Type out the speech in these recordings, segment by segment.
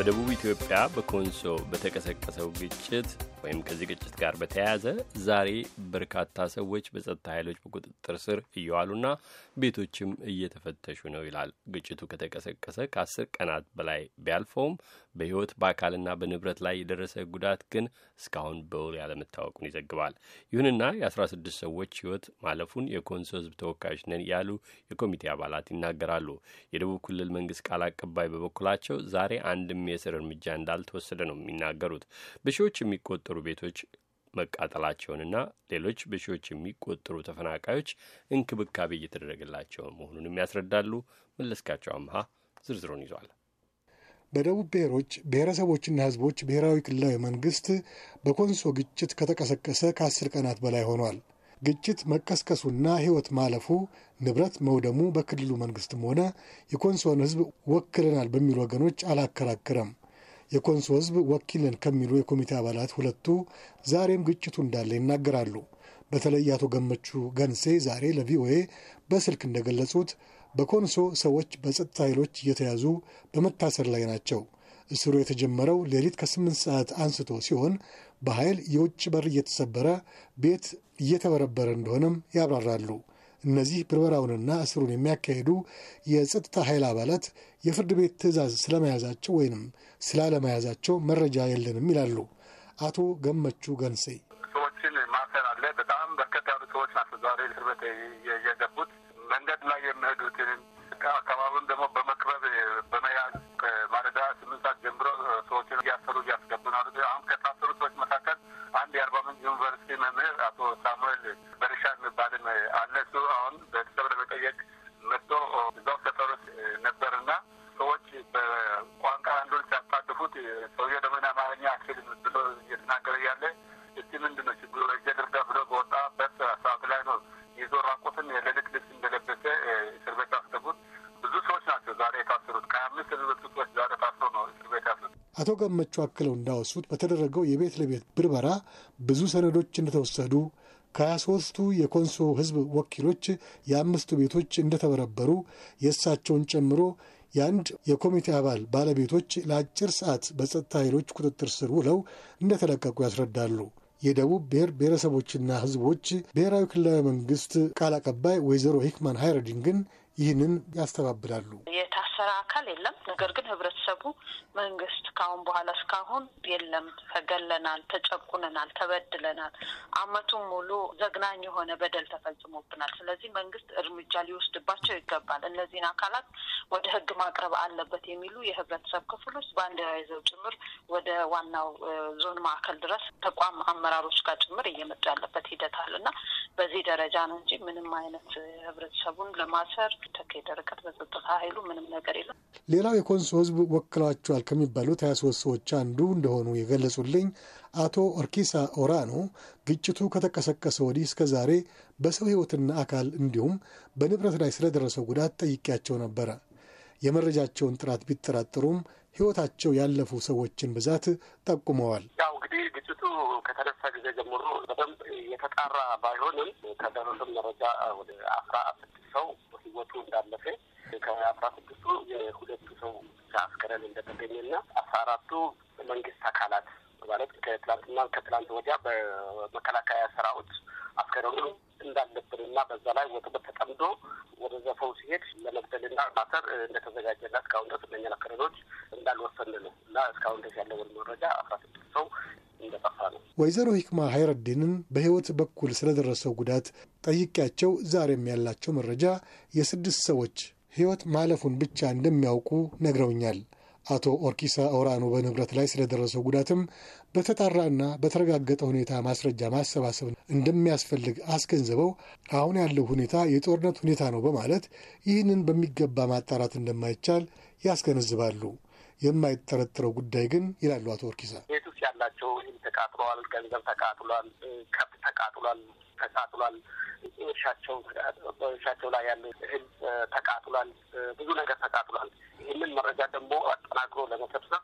በደቡብ ኢትዮጵያ በኮንሶ በተቀሰቀሰው ግጭት ወይም ከዚህ ግጭት ጋር በተያያዘ ዛሬ በርካታ ሰዎች በጸጥታ ኃይሎች በቁጥጥር ስር እየዋሉና ቤቶችም እየተፈተሹ ነው ይላል። ግጭቱ ከተቀሰቀሰ ከአስር ቀናት በላይ ቢያልፈውም በሕይወት በአካልና በንብረት ላይ የደረሰ ጉዳት ግን እስካሁን በውል ያለመታወቁን ይዘግባል። ይሁንና የ16 ሰዎች ሕይወት ማለፉን የኮንሶ ሕዝብ ተወካዮች ነን ያሉ የኮሚቴ አባላት ይናገራሉ። የደቡብ ክልል መንግስት ቃል አቀባይ በበኩላቸው ዛሬ አንድም የእስር እርምጃ እንዳልተወሰደ ነው የሚናገሩት። በሺዎች የሚቆጠሩ ቤቶች መቃጠላቸውንና ሌሎች በሺዎች የሚቆጠሩ ተፈናቃዮች እንክብካቤ እየተደረገላቸው መሆኑንም ያስረዳሉ። መለስካቸው አምሃ ዝርዝሩን ይዟል። በደቡብ ብሔሮች ብሔረሰቦችና ሕዝቦች ብሔራዊ ክልላዊ መንግስት በኮንሶ ግጭት ከተቀሰቀሰ ከአስር ቀናት በላይ ሆኗል። ግጭት መቀስቀሱና ሕይወት ማለፉ ንብረት መውደሙ በክልሉ መንግስትም ሆነ የኮንሶን ህዝብ ወክለናል በሚሉ ወገኖች አላከራክረም። የኮንሶ ህዝብ ወኪልን ከሚሉ የኮሚቴ አባላት ሁለቱ ዛሬም ግጭቱ እንዳለ ይናገራሉ። በተለይ አቶ ገመቹ ገንሴ ዛሬ ለቪኦኤ በስልክ እንደገለጹት በኮንሶ ሰዎች በጸጥታ ኃይሎች እየተያዙ በመታሰር ላይ ናቸው። እስሩ የተጀመረው ሌሊት ከስምንት ሰዓት አንስቶ ሲሆን በኃይል የውጭ በር እየተሰበረ ቤት እየተበረበረ እንደሆነም ያብራራሉ። እነዚህ ብርበራውንና እስሩን የሚያካሂዱ የጸጥታ ኃይል አባላት የፍርድ ቤት ትዕዛዝ ስለመያዛቸው ወይንም ስላለመያዛቸው መረጃ የለንም ይላሉ አቶ ገመቹ ገንሴ። ሰዎችን ማሰር አለ። በጣም በርከት ያሉ ሰዎች ናቸው ዛሬ እስር ቤት የገቡት መንገድ ላይ የሚሄዱትን አካባቢውን ደግሞ ነበርና ሰዎች አቶ ገመቹ አክለው እንዳወሱት በተደረገው የቤት ለቤት ብርበራ ብዙ ሰነዶች እንደተወሰዱ ከሀያ ሦስቱ የኮንሶ ህዝብ ወኪሎች የአምስቱ ቤቶች እንደተበረበሩ የእሳቸውን ጨምሮ የአንድ የኮሚቴ አባል ባለቤቶች ለአጭር ሰዓት በጸጥታ ኃይሎች ቁጥጥር ስር ውለው እንደተለቀቁ ያስረዳሉ። የደቡብ ብሔር ብሔረሰቦችና ህዝቦች ብሔራዊ ክልላዊ መንግስት ቃል አቀባይ ወይዘሮ ሂክማን ሃይረዲን ግን ይህንን ያስተባብላሉ። የታሰረ አካል የለም። ነገር ግን ህብረተሰቡ መንግስት ከአሁን በኋላ እስካሁን የለም ተገለናል፣ ተጨቁነናል፣ ተበድለናል፣ አመቱን ሙሉ ዘግናኝ የሆነ በደል ተፈጽሞብናል። ስለዚህ መንግስት እርምጃ ሊወስድባቸው ይገባል፣ እነዚህን አካላት ወደ ህግ ማቅረብ አለበት የሚሉ የህብረተሰብ ክፍሎች ባንዲራ ይዘው ጭምር ወደ ዋናው ዞን ማዕከል ድረስ ተቋም አመራሮች ጋር ጭምር እየመጡ ያለበት ሂደት አለ እና በዚህ ደረጃ ነው እንጂ ምንም አይነት ህብረተሰቡን ለማሰር የተካሄደ ርቀት በጸጥታ ኃይሉ ምንም ነገር የለም። ሌላው የኮንሶ ህዝብ ወክሏቸዋል ከሚባሉት ሀያ ሶስት ሰዎች አንዱ እንደሆኑ የገለጹልኝ አቶ ኦርኪሳ ኦራኖ ግጭቱ ከተቀሰቀሰ ወዲህ እስከ ዛሬ በሰው ህይወትና አካል እንዲሁም በንብረት ላይ ስለደረሰው ጉዳት ጠይቄያቸው ነበረ። የመረጃቸውን ጥራት ቢጠራጠሩም ህይወታቸው ያለፉ ሰዎችን ብዛት ጠቁመዋል። ያው ከተነሳ ጊዜ ጀምሮ በደንብ የተጣራ ባይሆንም ከደረሰን መረጃ ወደ አስራ ስድስት ሰው ህይወቱ እንዳለፈ ከአስራ ስድስቱ የሁለቱ ሰው ብቻ እንደተገኘ እንደተገኘና አስራ አራቱ መንግስት አካላት ማለት ከትላንትና ከትላንት ወዲያ በመከላከያ ሰራዊት አስከረኑ እንዳለብን እንዳለብንና በዛ ላይ ወጥበት ተጠምዶ ወደ ዘፈው ሲሄድ ለመግደል ለመግደልና ማሰር እንደተዘጋጀና እስካሁን ድረስ እነኛን አስከሬኖች እንዳልወሰን ነው እና እስካሁን ድረስ ያለውን መረጃ አስራ ስድስት ሰው እንደጠፋ ነው። ወይዘሮ ሂክማ ሀይረዲንን በህይወት በኩል ስለደረሰው ጉዳት ጠይቄያቸው ዛሬም ያላቸው መረጃ የስድስት ሰዎች ህይወት ማለፉን ብቻ እንደሚያውቁ ነግረውኛል። አቶ ኦርኪሳ ኦራኖ በንብረት ላይ ስለደረሰው ጉዳትም በተጣራና በተረጋገጠ ሁኔታ ማስረጃ ማሰባሰብ እንደሚያስፈልግ አስገንዝበው አሁን ያለው ሁኔታ የጦርነት ሁኔታ ነው በማለት ይህንን በሚገባ ማጣራት እንደማይቻል ያስገነዝባሉ። የማይጠረጥረው ጉዳይ ግን ይላሉ አቶ ኦርኪሳ ያላቸው ተቃጥለዋል፣ ገንዘብ ተቃጥሏል፣ ከብት ተቃጥሏል ተቃጥሏል፣ እርሻቸው በእርሻቸው ላይ ያለ እህል ተቃጥሏል፣ ብዙ ነገር ተቃጥሏል። ይህንን መረጃ ደግሞ አጠናክሮ ለመሰብሰብ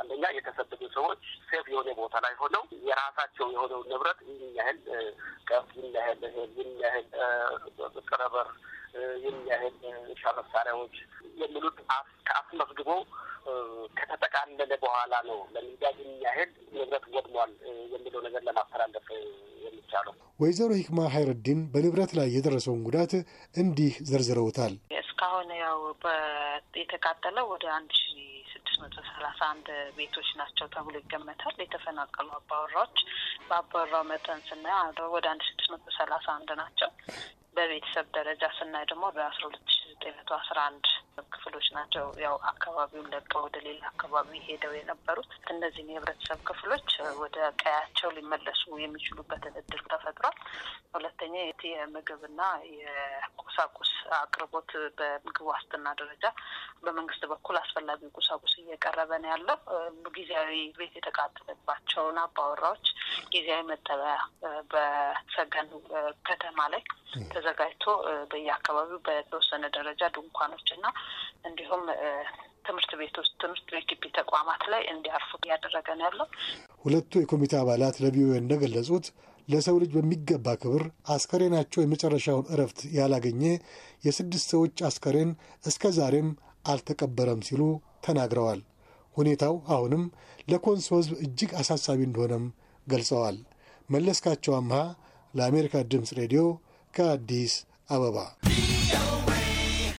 አንደኛ የተሰደዱ ሰዎች ሴፍ የሆነ ቦታ ላይ ሆነው የራሳቸው የሆነውን ንብረት ይህን ያህል ከብት፣ ይህን ያህል እህል፣ ይህን ያህል ጥረበር የሚያህል እርሻ መሳሪያዎች የሚሉት ከአስመዝግቦ ከተጠቃለለ በኋላ ነው ለሚዳጅ የሚያህል ንብረት ወድሟል የሚለው ነገር ለማስተላለፍ የሚቻለው። ወይዘሮ ሂክማ ሀይረዲን በንብረት ላይ የደረሰውን ጉዳት እንዲህ ዘርዝረውታል። እስካሁን ያው የተቃጠለው ወደ አንድ ሺ ስድስት መቶ ሰላሳ አንድ ቤቶች ናቸው ተብሎ ይገመታል። የተፈናቀሉ አባወራዎች በአባወራው መጠን ስናየው ወደ አንድ ስድስት መቶ ሰላሳ አንድ ናቸው። በቤተሰብ ደረጃ ስናይ ደግሞ በአስራ ሁለት ዘጠኝ መቶ አስራ አንድ ክፍሎች ናቸው ያው አካባቢውን ለቀው ወደ ሌላ አካባቢ ሄደው የነበሩት። እነዚህም የህብረተሰብ ክፍሎች ወደ ቀያቸው ሊመለሱ የሚችሉበትን እድል ተፈጥሯል። ሁለተኛ የምግብና የቁሳቁስ አቅርቦት በምግብ ዋስትና ደረጃ በመንግስት በኩል አስፈላጊ ቁሳቁስ እየቀረበ ነው ያለው። ጊዜያዊ ቤት የተቃጠለባቸውን አባወራዎች ጊዜያዊ መጠለያ በሰገን ከተማ ላይ ተዘጋጅቶ በየአካባቢው በተወሰነ ደረጃ ድንኳኖች እና እንዲሁም ትምህርት ቤቶች ትምህርት ቤት ግቢ ተቋማት ላይ እንዲያርፉ እያደረገ ነው ያለው። ሁለቱ የኮሚቴ አባላት ለቪኦኤ እንደገለጹት ለሰው ልጅ በሚገባ ክብር አስከሬናቸው የመጨረሻውን እረፍት ያላገኘ የስድስት ሰዎች አስከሬን እስከ ዛሬም አልተቀበረም ሲሉ ተናግረዋል። ሁኔታው አሁንም ለኮንሶ ሕዝብ እጅግ አሳሳቢ እንደሆነም ገልጸዋል። መለስካቸው አምሃ ለአሜሪካ ድምፅ ሬዲዮ ከአዲስ አበባ